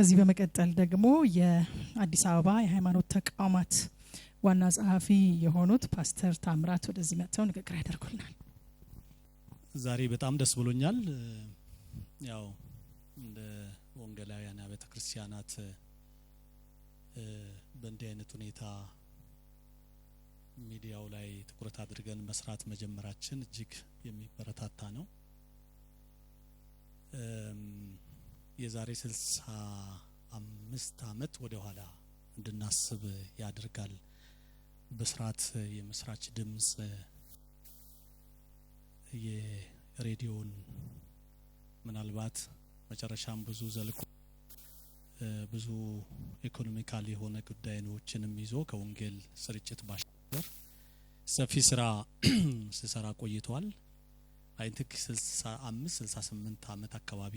ከዚህ በመቀጠል ደግሞ የአዲስ አበባ የሃይማኖት ተቋማት ዋና ጸሐፊ የሆኑት ፓስተር ታምራት ወደዚህ መጥተው ንግግር ያደርጉልናል። ዛሬ በጣም ደስ ብሎኛል። ያው እንደ ወንጌላውያን አብያተ ክርስቲያናት በእንዲህ አይነት ሁኔታ ሚዲያው ላይ ትኩረት አድርገን መስራት መጀመራችን እጅግ የሚበረታታ ነው። የዛሬ ስልሳ አምስት አመት ወደ ኋላ እንድናስብ ያደርጋል። በስርዓት የምስራች ድምጽ የሬዲዮን ምናልባት መጨረሻም ብዙ ዘልቆ ብዙ ኢኮኖሚካል የሆነ ጉዳዮችንም ይዞ ከወንጌል ስርጭት ባሻገር ሰፊ ስራ ሲሰራ ቆይተዋል። አይንትክ 65 68 ዓመት አካባቢ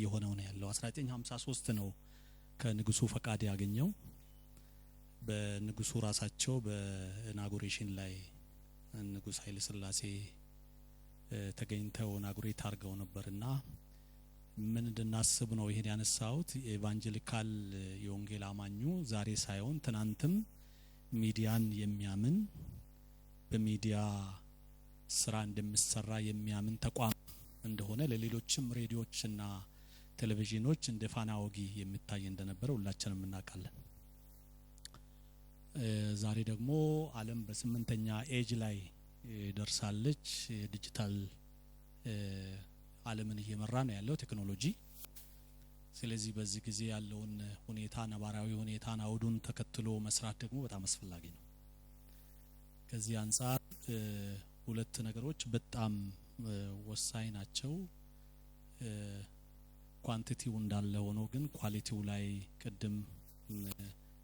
የሆነው ነው ያለው። 1953 ነው ከንጉሱ ፈቃድ ያገኘው። በንጉሱ ራሳቸው በኢናጉሬሽን ላይ ንጉስ ኃይለ ስላሴ ተገኝተው ኢናጉሬት አድርገው ነበርና ምን እንድናስብ ነው ይሄን ያነሳሁት። ኤቫንጀሊካል የወንጌል አማኙ ዛሬ ሳይሆን ትናንትም ሚዲያን የሚያምን በሚዲያ ስራ እንደሚሰራ የሚያምን ተቋም እንደሆነ ለሌሎችም ሬዲዮችና ቴሌቪዥኖች እንደ ፋና ወጊ የሚታይ እንደነበረ ሁላችንም እናውቃለን። ዛሬ ደግሞ ዓለም በስምንተኛ ኤጅ ላይ ደርሳለች። ዲጂታል ዓለምን እየመራ ነው ያለው ቴክኖሎጂ። ስለዚህ በዚህ ጊዜ ያለውን ሁኔታ ነባራዊ ሁኔታን አውዱን ተከትሎ መስራት ደግሞ በጣም አስፈላጊ ነው። ከዚህ አንጻር ሁለት ነገሮች በጣም ወሳኝ ናቸው። ኳንቲቲው እንዳለ ሆኖ ግን ኳሊቲው ላይ ቅድም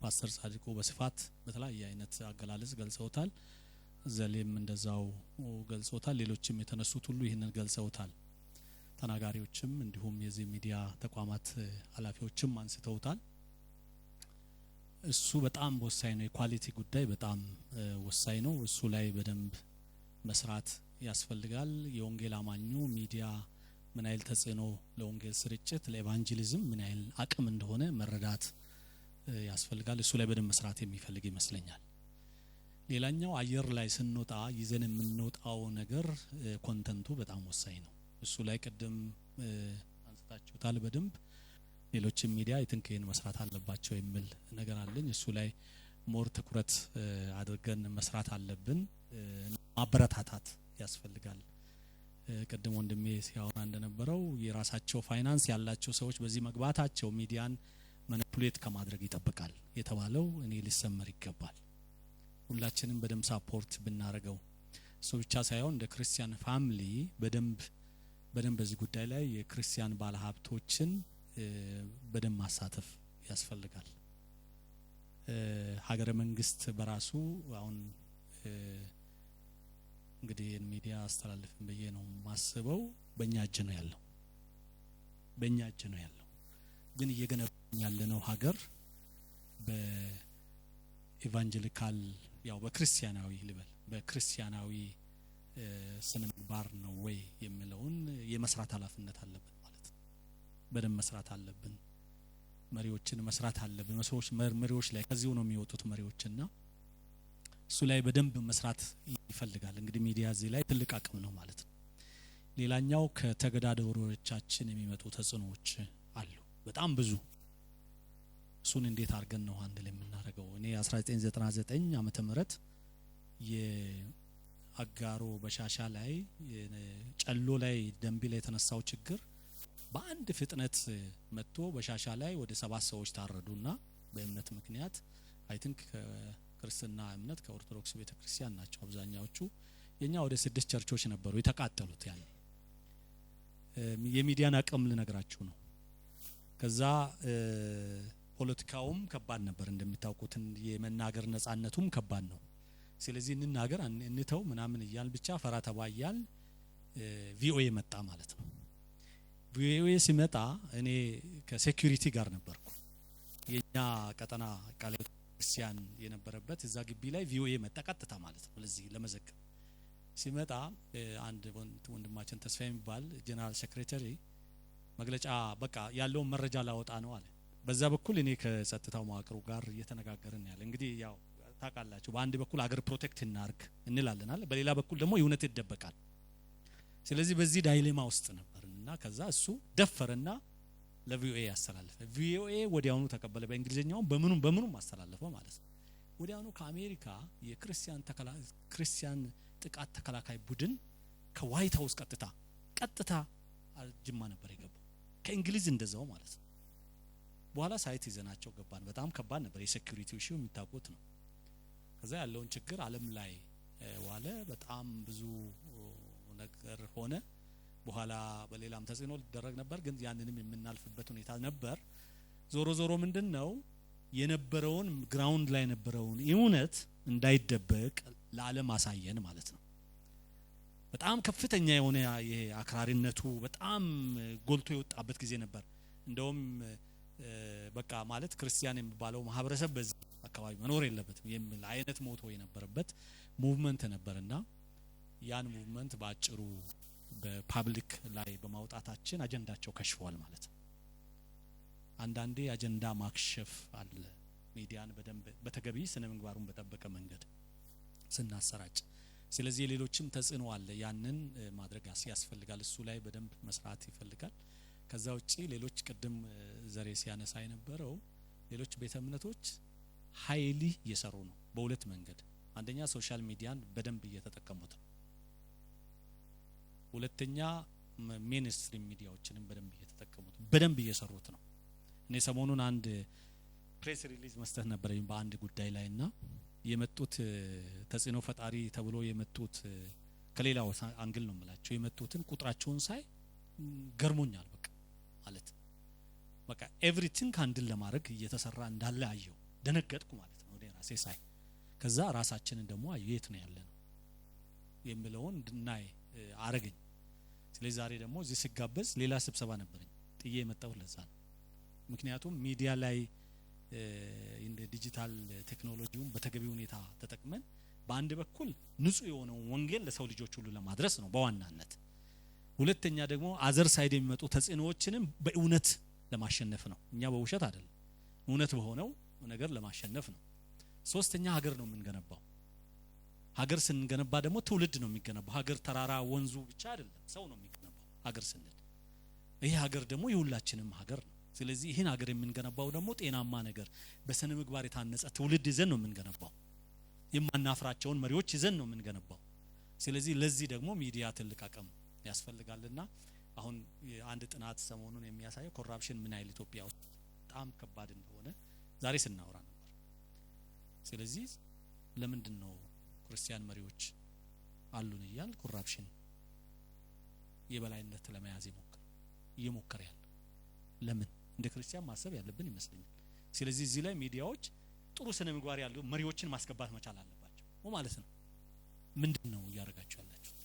ፓስተር ጻድቁ በስፋት በተለያየ አይነት አገላለጽ ገልጸውታል። ዘሌም እንደዛው ገልጾታል። ሌሎችም የተነሱት ሁሉ ይህንን ገልጸውታል። ተናጋሪዎችም እንዲሁም የዚህ ሚዲያ ተቋማት ኃላፊዎችም አንስተውታል። እሱ በጣም ወሳኝ ነው። የኳሊቲ ጉዳይ በጣም ወሳኝ ነው። እሱ ላይ በደንብ መስራት ያስፈልጋል። የወንጌል አማኙ ሚዲያ ምን ያህል ተጽዕኖ ለወንጌል ስርጭት ለኤቫንጀሊዝም ምን ያህል አቅም እንደሆነ መረዳት ያስፈልጋል። እሱ ላይ በደንብ መስራት የሚፈልግ ይመስለኛል። ሌላኛው አየር ላይ ስንወጣ ይዘን የምንወጣው ነገር ኮንተንቱ በጣም ወሳኝ ነው። እሱ ላይ ቅድም አንስታችሁታል በደንብ ሌሎችም ሚዲያ የትንክህን መስራት አለባቸው የሚል ነገር አለኝ። እሱ ላይ ሞር ትኩረት አድርገን መስራት አለብን። ማበረታታት ያስፈልጋል። ቅድም ወንድሜ ሲያወራ እንደነበረው የራሳቸው ፋይናንስ ያላቸው ሰዎች በዚህ መግባታቸው ሚዲያን መኒፑሌት ከማድረግ ይጠብቃል የተባለው እኔ ሊሰመር ይገባል። ሁላችንም በደንብ ሳፖርት ብናደርገው እሱ ብቻ ሳይሆን እንደ ክርስቲያን ፋሚሊ በደንብ በደንብ በዚህ ጉዳይ ላይ የክርስቲያን ባለሀብቶችን በደንብ ማሳተፍ ያስፈልጋል። ሀገረ መንግስት በራሱ አሁን እንግዲህ ሚዲያ አስተላልፍን ብዬ ነው ማስበው። በእኛ እጅ ነው ያለው፣ በእኛ እጅ ነው ያለው። ግን እየገነባን ያለነው ሀገር በኢቫንጀሊካል ያው በክርስቲያናዊ ልበል በክርስቲያናዊ ስነ ምግባር ነው ወይ የሚለውን የመስራት ኃላፊነት አለብን ማለት ነው። በደንብ መስራት አለብን። መሪዎችን መስራት አለብን። መሪዎች ላይ ከዚሁ ነው የሚወጡት መሪዎችና እሱ ላይ በደንብ መስራት ይፈልጋል። እንግዲህ ሚዲያ እዚህ ላይ ትልቅ አቅም ነው ማለት ነው። ሌላኛው ከተገዳደሮቻችን የሚመጡ ተጽዕኖዎች አሉ፣ በጣም ብዙ። እሱን እንዴት አድርገን ነው አንድ ላይ የምናደርገው? እኔ 1999 ዓመተ ምህረት የአጋሮ በሻሻ ላይ ጨሎ ላይ ደንቢ ላይ የተነሳው ችግር በአንድ ፍጥነት መጥቶ በሻሻ ላይ ወደ ሰባት ሰዎች ታረዱና በእምነት ምክንያት አይ ከክርስትና እምነት ከኦርቶዶክስ ቤተ ክርስቲያን ናቸው አብዛኛዎቹ። የእኛ ወደ ስድስት ቸርቾች ነበሩ የተቃጠሉት። ያ የሚዲያን አቅም ልነግራችሁ ነው። ከዛ ፖለቲካውም ከባድ ነበር እንደሚታውቁት፣ የመናገር ነጻነቱም ከባድ ነው። ስለዚህ እንናገር እንተው ምናምን እያል ብቻ ፈራ ተባ እያል ቪኦኤ መጣ ማለት ነው። ቪኦኤ ሲመጣ እኔ ከሴኩሪቲ ጋር ነበርኩ። የኛ ቀጠና ቃለ ክርስቲያን የነበረበት እዛ ግቢ ላይ ቪኦኤ መጣ ቀጥታ ማለት ነው። ለዚህ ለመዘገብ ሲመጣ አንድ ወንድማችን ተስፋ የሚባል ጀነራል ሴክሬታሪ መግለጫ በቃ ያለውን መረጃ ላወጣ ነው አለ። በዛ በኩል እኔ ከጸጥታው መዋቅሩ ጋር እየተነጋገርን ያለ እንግዲህ ያው ታውቃላችሁ፣ በአንድ በኩል አገር ፕሮቴክት እናርግ እንላለናል፣ በሌላ በኩል ደግሞ እውነት ይደበቃል። ስለዚህ በዚህ ዳይሌማ ውስጥ ነበርና እና ከዛ እሱ ደፈረና ለቪኦኤ ያስተላለፈ ቪኦኤ ወዲያውኑ ተቀበለ። በእንግሊዝኛውም በምኑም በምኑም አስተላለፈው ማለት ነው። ወዲያውኑ ከአሜሪካ የክርስቲያን ክርስቲያን ጥቃት ተከላካይ ቡድን ከዋይት ሀውስ ቀጥታ ቀጥታ ጅማ ነበር የገባው ከእንግሊዝ እንደዛው ማለት ነው። በኋላ ሳይት ይዘናቸው ገባን። በጣም ከባድ ነበር። የሴኩሪቲ ሺው የሚታወቁት ነው። ከዛ ያለውን ችግር አለም ላይ ዋለ። በጣም ብዙ ነገር ሆነ። በኋላ በሌላም ተጽዕኖ ሊደረግ ነበር፣ ግን ያንንም የምናልፍበት ሁኔታ ነበር። ዞሮ ዞሮ ምንድን ነው የነበረውን ግራውንድ ላይ የነበረውን እውነት እንዳይደበቅ ለዓለም አሳየን ማለት ነው። በጣም ከፍተኛ የሆነ አክራሪነቱ በጣም ጎልቶ የወጣበት ጊዜ ነበር። እንደውም በቃ ማለት ክርስቲያን የሚባለው ማህበረሰብ በዚህ አካባቢ መኖር የለበትም የሚል አይነት ሞቶ የነበረበት ሙቭመንት ነበርና ያን ሙቭመንት በአጭሩ በፓብሊክ ላይ በማውጣታችን አጀንዳቸው ከሽፏል ማለት ነው። አንዳንዴ አጀንዳ ማክሸፍ አለ። ሚዲያን በደንብ በተገቢ ስነ ምግባሩን በጠበቀ መንገድ ስናሰራጭ፣ ስለዚህ ሌሎችም ተጽዕኖ አለ። ያንን ማድረግ ያስፈልጋል። እሱ ላይ በደንብ መስራት ይፈልጋል። ከዛ ውጪ ሌሎች ቅድም ዘሬ ሲያነሳ የነበረው ሌሎች ቤተ እምነቶች ሀይሊ እየሰሩ ነው በሁለት መንገድ። አንደኛ ሶሻል ሚዲያን በደንብ እየተጠቀሙት ነው። ሁለተኛ ሜንስትሪም ሚዲያዎችንም በደንብ እየተጠቀሙት በደንብ እየሰሩት ነው። እኔ ሰሞኑን አንድ ፕሬስ ሪሊዝ መስጠት ነበረኝ በአንድ ጉዳይ ላይ እና የመጡት ተጽዕኖ ፈጣሪ ተብሎ የመጡት ከሌላው አንግል ነው የምላቸው የመጡትን ቁጥራቸውን ሳይ ገርሞኛል። በቃ ማለት በቃ ኤቭሪቲንግ አንድን ለማድረግ እየተሰራ እንዳለ አየው፣ ደነገጥኩ ማለት ነው ራሴ ሳይ። ከዛ ራሳችንን ደግሞ አየው የት ነው ያለ ነው የሚለውን እንድናይ አረገኝ። ስለዚህ ዛሬ ደግሞ እዚህ ስጋበዝ ሌላ ስብሰባ ነበረኝ ጥዬ የመጣሁት ለዛ ነው። ምክንያቱም ሚዲያ ላይ እንደ ዲጂታል ቴክኖሎጂውን በተገቢ ሁኔታ ተጠቅመን በአንድ በኩል ንጹህ የሆነውን ወንጌል ለሰው ልጆች ሁሉ ለማድረስ ነው በዋናነት። ሁለተኛ ደግሞ አዘር ሳይድ የሚመጡ ተጽዕኖዎችንም በእውነት ለማሸነፍ ነው። እኛ በውሸት አይደለም፣ እውነት በሆነው ነገር ለማሸነፍ ነው። ሶስተኛ ሀገር ነው የምንገነባው ሀገር ስንገነባ ደግሞ ትውልድ ነው የሚገነባው። ሀገር ተራራ ወንዙ ብቻ አይደለም፣ ሰው ነው የሚገነባው ሀገር ስንል። ይህ ሀገር ደግሞ የሁላችንም ሀገር ነው። ስለዚህ ይህን ሀገር የምንገነባው ደግሞ ጤናማ ነገር፣ በስነ ምግባር የታነጸ ትውልድ ይዘን ነው የምንገነባው። የማናፍራቸውን መሪዎች ይዘን ነው የምንገነባው። ስለዚህ ለዚህ ደግሞ ሚዲያ ትልቅ አቅም ያስፈልጋልና አሁን አንድ ጥናት ሰሞኑን የሚያሳየው ኮራፕሽን ምን ያህል ኢትዮጵያ ውስጥ በጣም ከባድ እንደሆነ ዛሬ ስናወራ ነበር። ስለዚህ ለምንድን ነው ክርስቲያን መሪዎች አሉን እያል ኮራፕሽን የበላይነት ለመያዝ እየሞከረ ያለ ለምን እንደ ክርስቲያን ማሰብ ያለብን ይመስለኛል። ስለዚህ እዚህ ላይ ሚዲያዎች ጥሩ ስነ ምግባር ያሉ መሪዎችን ማስገባት መቻል አለባቸው ማለት ነው። ምንድን ነው እያደረጋችሁ ያላችሁት?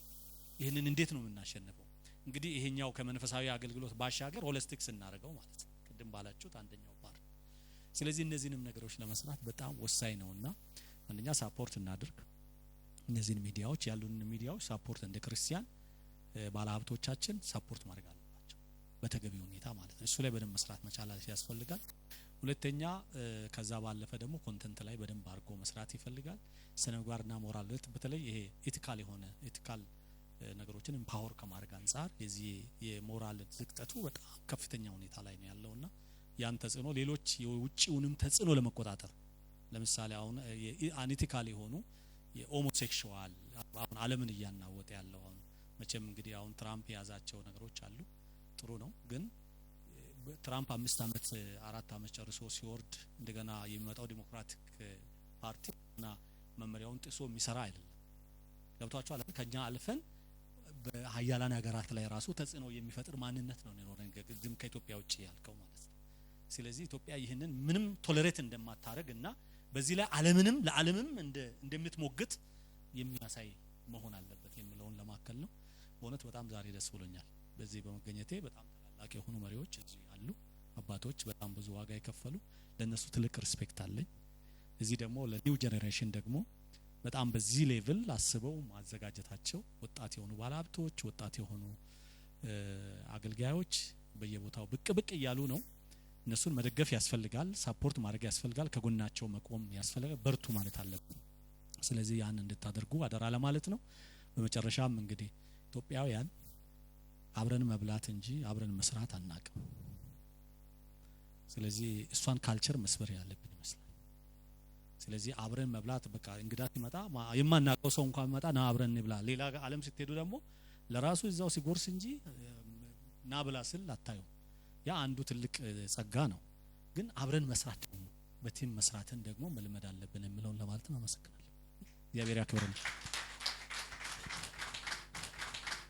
ይህንን እንዴት ነው የምናሸንፈው? እንግዲህ ይሄኛው ከመንፈሳዊ አገልግሎት ባሻገር ሆለስቲክ ስናደርገው ማለት ነው ቅድም ባላችሁት አንደኛው ፓርት። ስለዚህ እነዚህንም ነገሮች ለመስራት በጣም ወሳኝ ነውና አንደኛ ሳፖርት እናድርግ። እነዚህን ሚዲያዎች ያሉን ሚዲያዎች ሳፖርት እንደ ክርስቲያን ባለሀብቶቻችን ሳፖርት ማድረግ አለባቸው በተገቢ ሁኔታ ማለት ነው። እሱ ላይ በደንብ መስራት መቻል ያስፈልጋል። ሁለተኛ ከዛ ባለፈ ደግሞ ኮንተንት ላይ በደንብ አድርጎ መስራት ይፈልጋል። ስነ ምግባርና ሞራል በተለይ ይሄ ኢቲካል የሆነ ኢቲካል ነገሮችን ኢምፓወር ከማድረግ አንጻር የዚህ የሞራል ዝቅጠቱ በጣም ከፍተኛ ሁኔታ ላይ ነው ያለውና ያን ተጽዕኖ ሌሎች የውጭውንም ተጽዕኖ ለመቆጣጠር ለምሳሌ አሁን አንኢቲካል የሆኑ የኦሞሴክሽዋል አሁን አለምን እያናወጠ ያለው አሁን መቼም እንግዲህ አሁን ትራምፕ የያዛቸው ነገሮች አሉ። ጥሩ ነው ግን ትራምፕ አምስት አመት አራት አመት ጨርሶ ሲወርድ እንደገና የሚመጣው ዲሞክራቲክ ፓርቲ እና መመሪያውን ጥሶ የሚሰራ አይደለም። አለ ከኛ አልፈን በሀያላን ሀገራት ላይ ራሱ ተጽዕኖ የሚፈጥር ማንነት ነው የኖረን ከኢትዮጵያ ውጭ ያልከው ማለት ነው። ስለዚህ ኢትዮጵያ ይህንን ምንም ቶለሬት እንደማታደርግ እና በዚህ ላይ አለምንም ለዓለምም እንደምትሞግት የሚያሳይ መሆን አለበት የሚለውን ለማከል ነው። በእውነት በጣም ዛሬ ደስ ብሎኛል በዚህ በመገኘቴ። በጣም ታላላቅ የሆኑ መሪዎች እዚህ አሉ አባቶች በጣም ብዙ ዋጋ የከፈሉ ለእነሱ ትልቅ ሪስፔክት አለኝ። እዚህ ደግሞ ለኒው ጀነሬሽን ደግሞ በጣም በዚህ ሌቭል አስበው ማዘጋጀታቸው ወጣት የሆኑ ባለሀብቶች፣ ወጣት የሆኑ አገልጋዮች በየቦታው ብቅ ብቅ እያሉ ነው። እነሱን መደገፍ ያስፈልጋል፣ ሳፖርት ማድረግ ያስፈልጋል፣ ከጎናቸው መቆም ያስፈልጋል፣ በርቱ ማለት አለብ ስለዚህ ያን እንድታደርጉ አደራ ለማለት ነው። በመጨረሻም እንግዲህ ኢትዮጵያውያን አብረን መብላት እንጂ አብረን መስራት አናቅም። ስለዚህ እሷን ካልቸር መስበር ያለብን ይመስላል። ስለዚህ አብረን መብላት በቃ እንግዳ ሲመጣ የማናቀው ሰው እንኳን ቢመጣ ና አብረን እንብላ። ሌላ አለም ስትሄዱ ደግሞ ለራሱ እዛው ሲጎርስ እንጂ ና ብላ ስል አታዩም። ያ አንዱ ትልቅ ጸጋ ነው። ግን አብረን መስራት ደግሞ በቲም መስራትን ደግሞ መልመድ አለብን የሚለውን ለማለት ነው። አመሰግናለሁ። እግዚአብሔር ያክብረን።